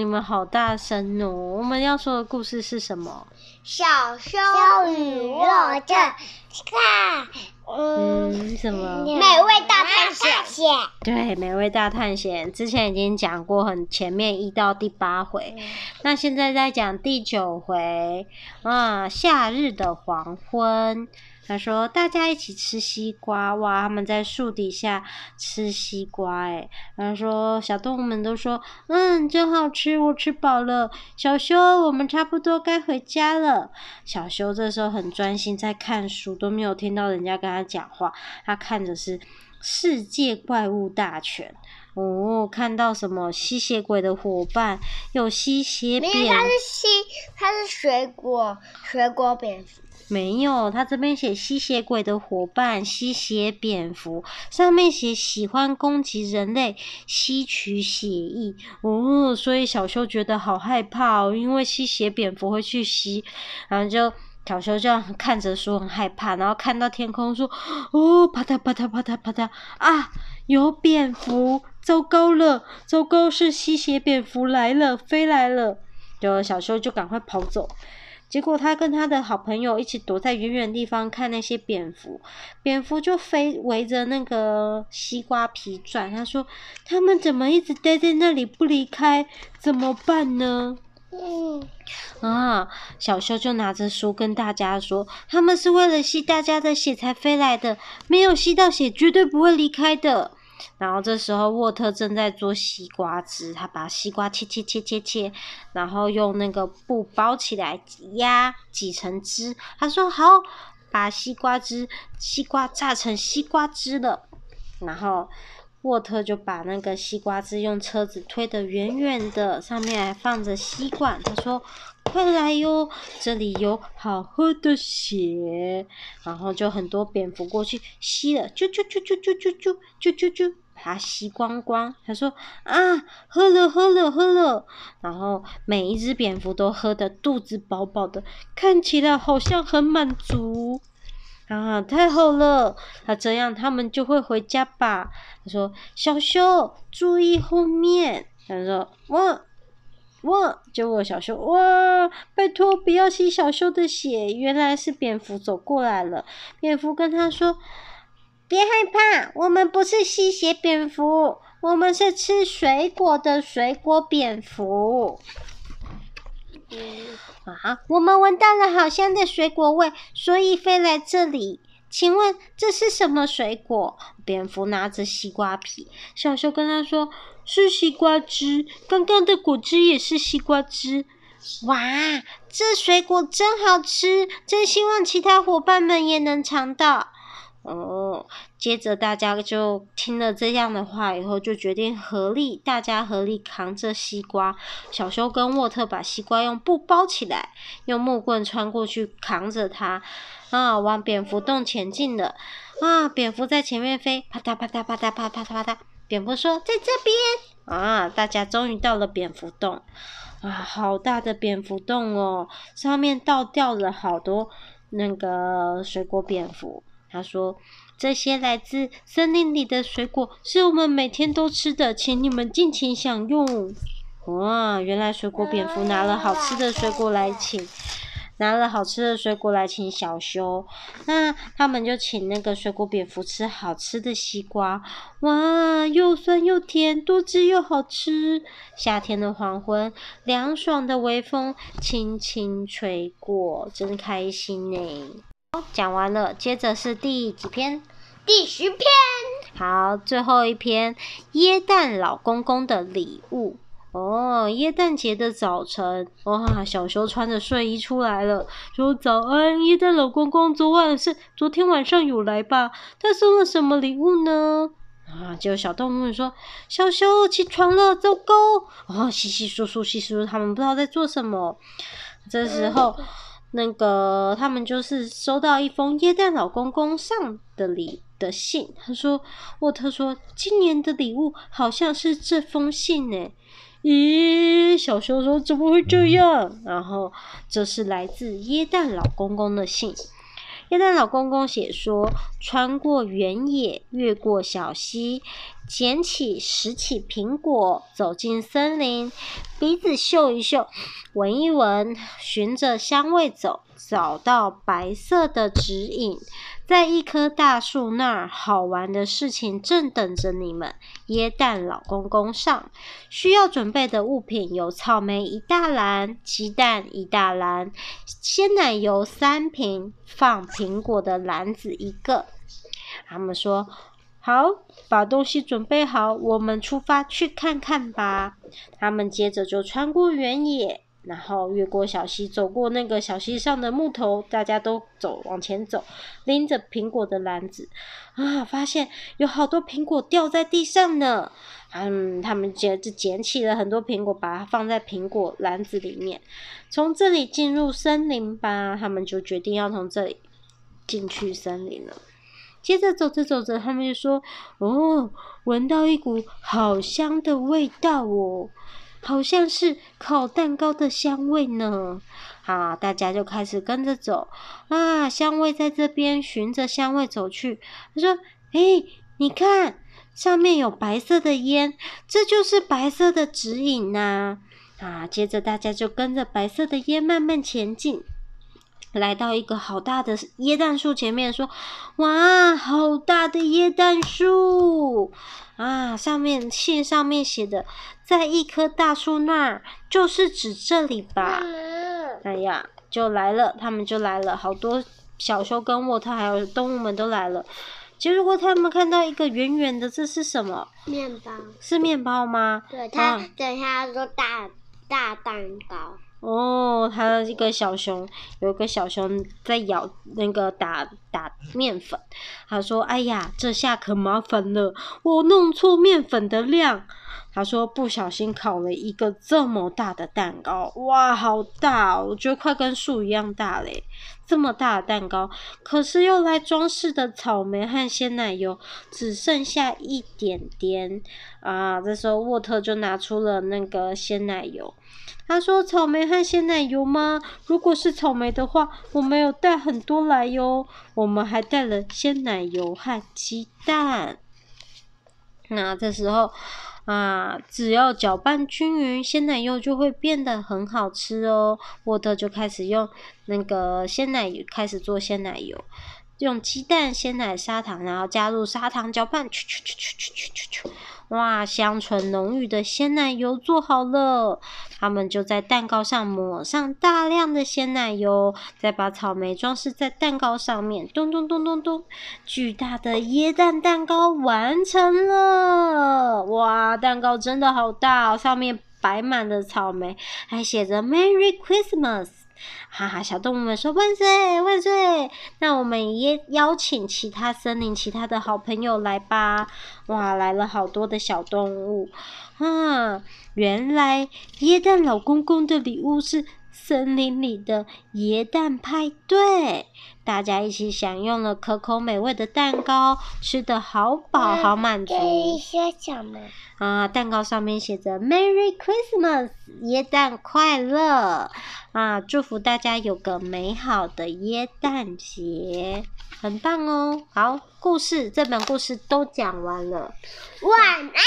你們好大聲哦！我們要說的故事是什麼？小修與沃特，看，嗯，什麼？美味大探險。對，美味大探險之前已經講過，很前面一到第八回，嗯、那現在再講第九回，啊、嗯，夏日的黃昏。他說：“大家一起吃西瓜哇！他們在樹底下吃西瓜。哎，他說小動物們都說：‘嗯，真好吃，我吃飽了。’小修，我們差不多該回家了。小修這時候很專心在看書，都沒有聽到人家跟他講話。他看的是《世界怪物大全》哦，看到什麼吸血鬼的夥伴，有吸血蝙蝠……沒有，它是吸，它是水果，水果蝙蝠。”沒有，他這邊寫吸血鬼的夥伴吸血蝙蝠，上面寫喜歡攻擊人類，吸取血液。哦，所以小修覺得好害怕哦，因為吸血蝙蝠會去吸，然後就小修就看着書很害怕，然後看到天空說，哦，啪嗒啪嗒啪嗒啪嗒，啊，有蝙蝠，糟糕了，糟糕，是吸血蝙蝠來了，飛來了，就小修就趕快跑走。結果他跟他的好朋友一起躲在遠遠地方看那些蝙蝠，蝙蝠就飛圍着那個西瓜皮轉。他說：“他們怎麼一直待在那裡不離開？怎麼辦呢？”嗯，啊，小修就拿着書跟大家說：“他們是為了吸大家的血才飛來的，沒有吸到血絕對不會離開的。”然後這時候，沃特正在做西瓜汁，他把西瓜切切切切切，然後用那個布包起來擠壓，擠成汁。他說：“好，把西瓜汁，西瓜榨成西瓜汁了。”然後沃特就把那個西瓜汁用車子推得遠遠的，上面還放着吸管。他說。快來喲、哦，這裡有好喝的血。然後就很多蝙蝠過去吸了，啾啾啾啾啾啾啾啾啾，啾，啾，啾，啾把它吸光光。他說：“啊，喝了喝了喝了。喝了。”然後每一隻蝙蝠都喝的肚子飽飽的，看起來好像很滿足。啊，太好了！那這樣他們就會回家吧？他說：“小修，注意後面。”他說：“哇。”哇！救我小修！哇！拜託，不要吸小修的血！原來是蝙蝠走過來了。蝙蝠跟他說：“別害怕，我們不是吸血蝙蝠，我們是吃水果的水果蝙蝠。嗯、啊，我們聞到了好香的水果味，所以飛來這裡。”請問這是什麼水果？蝙蝠拿着西瓜皮，小修跟他說：“是西瓜汁，剛剛的果汁也是西瓜汁。”哇，這水果真好吃，真希望其他夥伴們也能嚐到。哦、嗯，接着大家就聽了這樣的話以後，就決定合力，大家合力扛着西瓜。小修跟沃特把西瓜用布包起來，用木棍穿過去扛着它，啊，往蝙蝠洞前進了。啊，蝙蝠在前面飛，啪嗒啪嗒啪嗒啪嗒啪嗒啪嗒。蝙蝠說：“在這邊。”啊，大家終於到了蝙蝠洞。啊，好大的蝙蝠洞哦，上面倒掉了好多那個水果蝙蝠。他說：“這些來自森林裡的水果是我們每天都吃的，請你們盡情享用。”哇，原來水果蝙蝠拿了好吃的水果來請，拿了好吃的水果來請小修。那他們就請那個水果蝙蝠吃好吃的西瓜。哇，又酸又甜，多汁又好吃。夏天的黃昏，涼爽的微風輕輕吹過，真開心呢。講完了，接着是第幾篇？第十篇。好，最後一篇，《耶誕老公公的禮物》。哦，耶誕節的早晨，哇、哦！小修穿着睡衣出來了，說：“早安，耶誕老公公，昨晚是昨天晚上有來吧？他送了什麼禮物呢？”啊、哦，結果小動物們說：“小修起床了，糟糕！哦，稀稀疏疏，稀疏疏。他們不知道在做什麼。”這時候。那個，他們就是收到一封耶誕老公公上的禮的信。他說：“沃特說，今年的禮物好像是這封信呢。”欸，咦，小熊說：“怎麼會這樣？”然後這是來自耶誕老公公的信。耶誕老公公寫說：“穿過原野，越過小溪。”撿起、拾起蘋果，走進森林，鼻子嗅一嗅，聞一聞，循着香味走，找到白色的指引，在一棵大樹那兒，好玩的事情正等着你們。耶誕老公公上，需要準備的物品有：由草莓一大籃，雞蛋一大籃，鮮奶油三瓶，放蘋果的籃子一個。他們說。好，把東西準備好，我們出發去看看吧。他們接着就穿過原野，然後越過小溪，走過那個小溪上的木頭，大家都走，往前走，拎着蘋果的籃子。啊，發現有好多蘋果掉在地上呢。嗯，他們接着撿起了很多蘋果，把它放在蘋果籃子裡面。從這裡進入森林吧，他們就決定要從這裡進去森林了。接着走着走着，他們就說：“哦，聞到一股好香的味道哦，好像是烤蛋糕的香味呢。”好，大家就開始跟着走啊，香味在這邊，循着香味走去。他說：“哎，你看，上面有白色的煙，這就是白色的指引吶。”啊，接着大家就跟着白色的煙慢慢前進。來到一個好大的耶誕樹前面，說：“哇，好大的耶誕樹啊！上面信上面寫的，在一棵大樹那兒，就是指這裡吧？”嗯、哎呀，就來了，他們就來了，好多小修跟沃特還有動物們都來了。結果他們看到一個圓圓的，這是什麼？麵包？是麵包嗎？對，他等一下要做大大蛋糕。哦，它的一個小熊，有一個小熊在咬那個打。打麵粉，他說：“哎呀，這下可麻煩了，我弄錯麵粉的量。”他說：“不小心烤了一個這麼大的蛋糕，哇，好大哦，我覺得快跟樹一樣大嘞！這麼大的蛋糕，可是用來裝飾的草莓和鮮奶油只剩下一點點啊。”這時候沃特就拿出了那個鮮奶油，他說：“草莓和鮮奶油嗎？如果是草莓的話，我沒有帶很多來喲。”我們還帶了鮮奶油和雞蛋。那這時候啊，只要攪拌均勻，鮮奶油就會變得很好吃哦。沃特就開始用那個鮮奶油開始做鮮奶油，用雞蛋、鮮奶、砂糖，然後加入砂糖攪拌，去去去去去去去去。哇，香醇濃郁的鮮奶油做好了，他們就在蛋糕上抹上大量的鮮奶油，再把草莓裝飾在蛋糕上面。咚咚咚咚咚咚，巨大的耶誕蛋糕完成了！哇，蛋糕真的好大哦，上面擺滿了草莓，還寫着 “Merry Christmas”。哈哈，小動物們說萬歲萬歲！那我們也邀請其他森林、其他的好朋友來吧。哇，來了好多的小動物。哈、啊，原來耶誕老公公的禮物是。森林裡的耶誕派對，大家一起享用了可口美味的蛋糕，吃得好飽好滿足。可以先講嗎？啊，蛋糕上面寫着 “Merry Christmas”，耶誕快樂啊，祝福大家有個美好的耶誕節，很棒哦。好，故事這本故事都講完了，晚安。